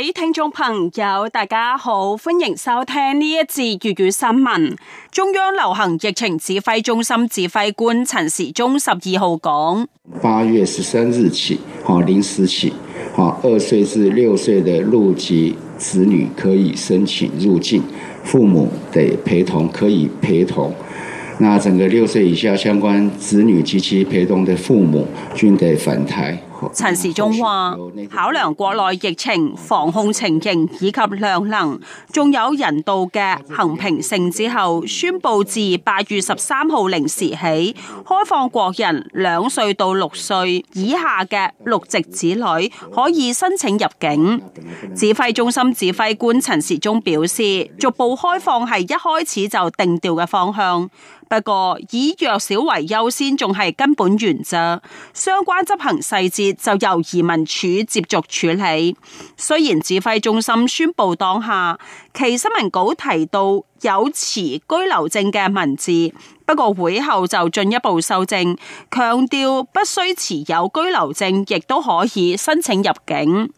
各位聽眾朋友，大家好，歡迎收聽呢一節粵語新聞。中央流行疫情指揮中心指揮官陳時中十二號講：八月十三日起，零時起，二歲至六歲的陸籍子女可以申請入境，父母得陪同，可以陪同。那整個六歲以下相關子女及其陪同的父母均得返台。陳時中話：考量國內疫情防控情形以及量能，仲有人道嘅衡平性之後，宣布自八月十三號零時起，開放國人兩歲到六歲以下嘅陸籍子女可以申請入境。指揮中心指揮官陳時中表示：逐步開放係一開始就定調嘅方向，不過以弱小為優先仲係根本原則，相關執行細節。就由移民署接續處理。雖然指揮中心宣布當下，其新聞稿提到，有持居留證嘅文字，不過會後就進一步修正，強調不需持有居留證亦都可以申請入境。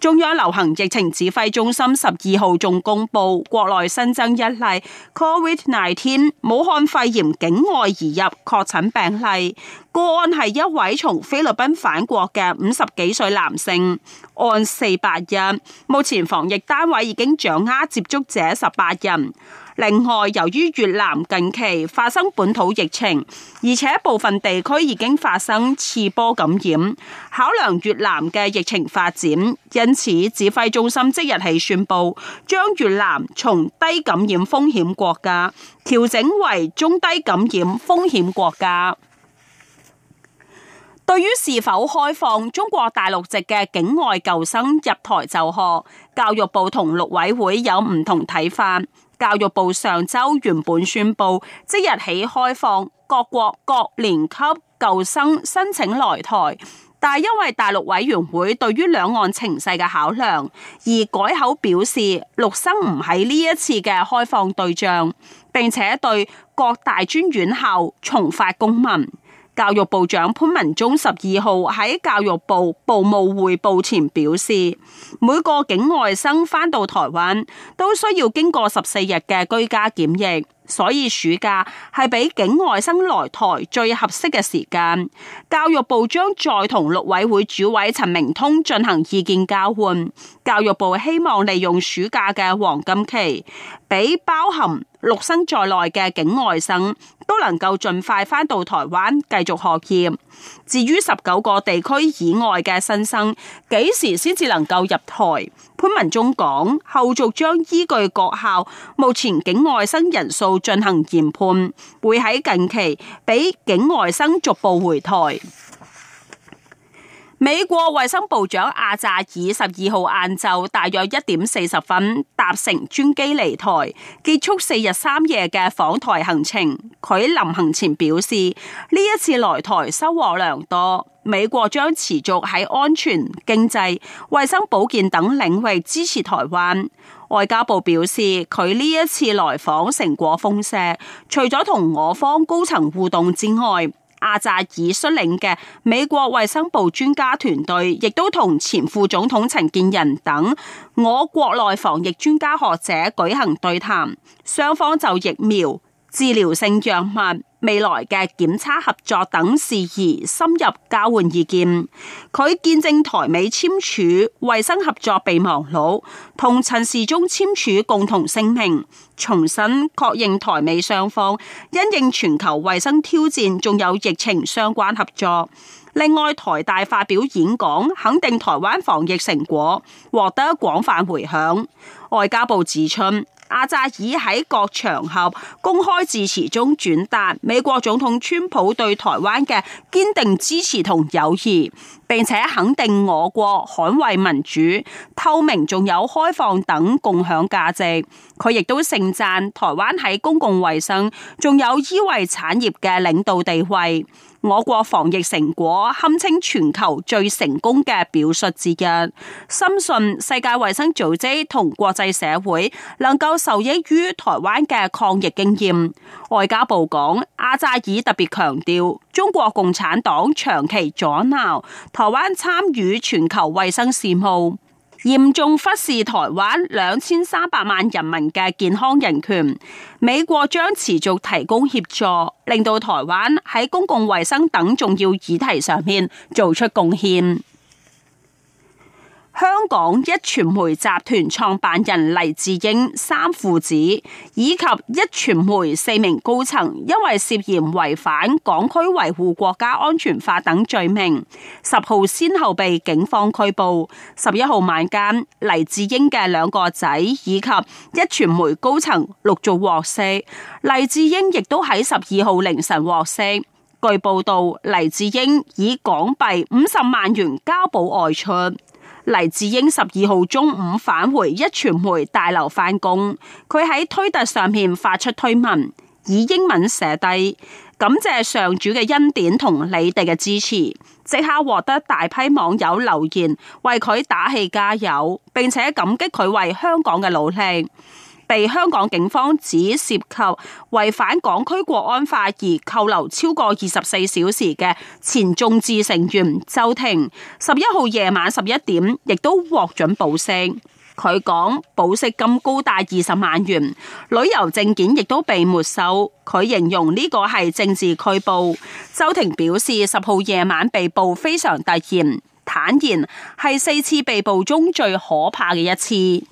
中央流行疫情指揮中心十二號仲公布國內新增一例 COVID-19 武漢肺炎境外移入確診病例，個案係一位從菲律賓返國嘅五十幾歲男性。按四百日，目前防疫單位已經掌握接觸者十八人。另外，由於越南近期發生本土疫情，而且部分地區已經發生次波感染，考量越南嘅疫情發展，因此指揮中心即日起宣布，將越南從低感染風險國家調整為中低感染風險國家。對於是否開放中國大陸籍嘅境外陸生入台就學，教育部同陸委會有唔同睇法。教育部上周原本宣布即日起開放各國各年級陸生申請來台，但因為大陸委員會對於兩岸情勢嘅考量，而改口表示陸生唔喺呢一次嘅開放對象，並且對各大專院校重發公文。教育部長潘文忠十二號喺教育部部務會報前表示，每個境外生返到台灣都需要經過十四日嘅居家檢疫，所以暑假係俾境外生來台最合適嘅時間。教育部將再同陸委會主委陳明通進行意見交換。教育部希望利用暑假嘅黃金期，俾包含。陸生在內嘅境外生都能夠盡快返到台灣繼續學業。至於十九個地區以外嘅新生，幾時先至能夠入台？潘文忠講，後續將依據各校目前境外生人數進行研判，會喺近期俾境外生逐步回台。美國衛生部長阿札爾十二號晏晝大約一點四十分搭乘專機離台，結束四日三夜嘅訪台行程。佢臨行前表示，呢一次來台收穫良多，美國將持續喺安全、經濟、衛生保健等領域支持台灣。外交部表示，佢呢一次來訪成果豐碩，除咗同我方高層互動之外。阿札爾率領嘅美國衛生部專家團隊，亦都同前副總統陳建仁等我國內防疫專家學者舉行對談，雙方就疫苗。治療性藥物、未來嘅檢測合作等事宜深入交換意見。佢見證台美簽署衛生合作備忘錄，同陳時中簽署共同聲明，重申確認台美雙方因應全球衛生挑戰，仲有疫情相關合作。另外，台大發表演講肯定台灣防疫成果，獲得廣泛迴響。外交部指出。阿札爾喺各場合公開致辭中轉達美國總統川普對台灣嘅堅定支持同友誼，並且肯定我國捍衛民主、透明仲有開放等共享價值。佢亦都盛讚台灣喺公共衛生仲有醫衛產業嘅領導地位。我國防疫成果堪稱全球最成功嘅表述之一，深信世界衛生組織同國際社會能夠受益於台灣嘅抗疫經驗。外交部講，阿札爾特別強調，中國共產黨長期阻撓台灣參與全球衛生事務。嚴重忽視台灣兩千三百萬人民嘅健康人權，美國將持續提供協助，令到台灣喺公共衛生等重要議題上面做出貢獻。香港一傳媒集團創辦人黎智英三父子以及一傳媒四名高層，因為涉嫌違反港區維護國家安全法等罪名，十號先後被警方拘捕。十一號晚間，黎智英嘅兩個仔以及一傳媒高層陸續獲釋。黎智英亦都喺十二號凌晨獲釋。據報道，黎智英以港幣五十萬元交保外出。黎智英十二號中午返回一傳媒大樓返工，佢喺推特上面發出推文，以英文寫低感謝上主嘅恩典同你哋嘅支持，即刻獲得大批網友留言為佢打氣加油，並且感激佢為香港嘅努力。被香港警方指涉及違反港區國安法而扣留超過二十四小時嘅前眾志成員周庭，十一號夜晚十一點亦都獲准保釋。佢講保釋金高達二十萬元，旅遊證件亦都被沒收。佢形容呢個係政治拘捕。周庭表示十號夜晚被捕非常突然，坦言係四次被捕中最可怕嘅一次。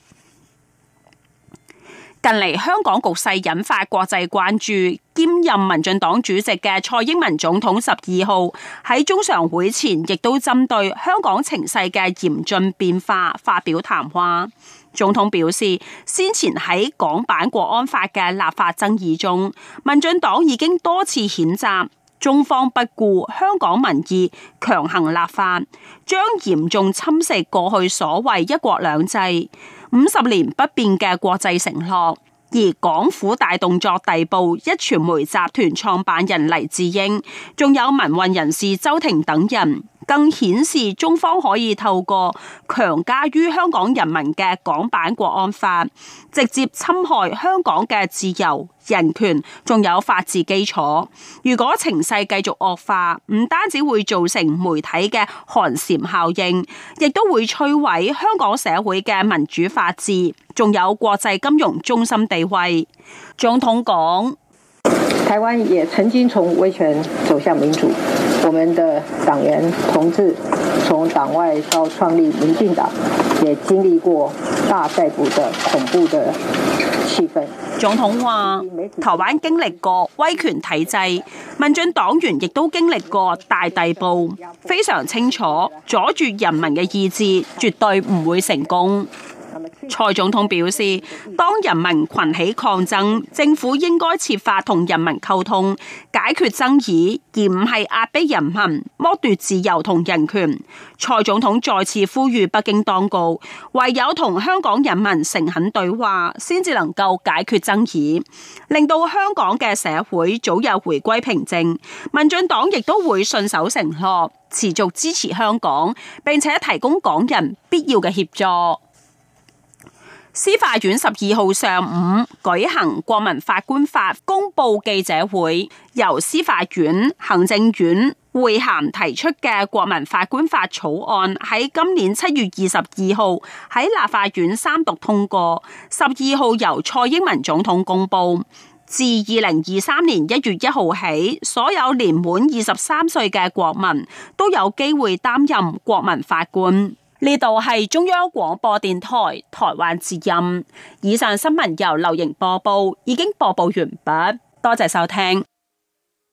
近嚟香港局勢引發國際關注，兼任民進黨主席嘅蔡英文總統十二號喺中常會前，亦都針對香港情勢嘅嚴峻變化發表談話。總統表示，先前喺港版國安法嘅立法爭議中，民進黨已經多次譴責中方不顧香港民意，強行立法，將嚴重侵蝕過去所謂一國兩制，五十年不變嘅國際承諾，而港府大動作逮捕，壹傳媒集團創辦人黎智英，仲有民運人士周庭等人。更顯示中方可以透過強加於香港人民嘅港版國安法，直接侵害香港嘅自由、人權，仲有法治基礎。如果情勢繼續惡化，唔單止會造成媒體嘅寒蟬效應，亦都會摧毀香港社會嘅民主法治，仲有國際金融中心地位。總統講：台灣也曾經從威權走向民主。我們的黨員同志從黨外到創立民進黨，也經歷過大逮捕的恐怖的氣氛。總統話：台灣經歷過威權體制，民進黨員亦都經歷過大逮捕，非常清楚阻住人民嘅意志，絕對唔會成功。蔡總統表示，當人民群起抗爭，政府應該設法同人民溝通，解決爭議，而唔係壓逼人民、剝奪自由同人權。蔡總統再次呼籲北京當局，唯有同香港人民誠懇對話，先至能夠解決爭議，令到香港嘅社會早日回歸平靜。民進黨亦都會信守承諾，持續支持香港，並且提供港人必要嘅協助。司法院十二號上午舉行國民法官法公布記者會，由司法院、行政院會銜提出嘅國民法官法草案，喺今年七月二十二號喺立法院三讀通過，十二號由蔡英文總統公布，自二零二三年一月一號起，所有年滿二十三歲嘅國民都有機會擔任國民法官。呢度係中央廣播電台台灣之音。以上新聞由劉瑩播報，已經播報完畢。多謝收聽。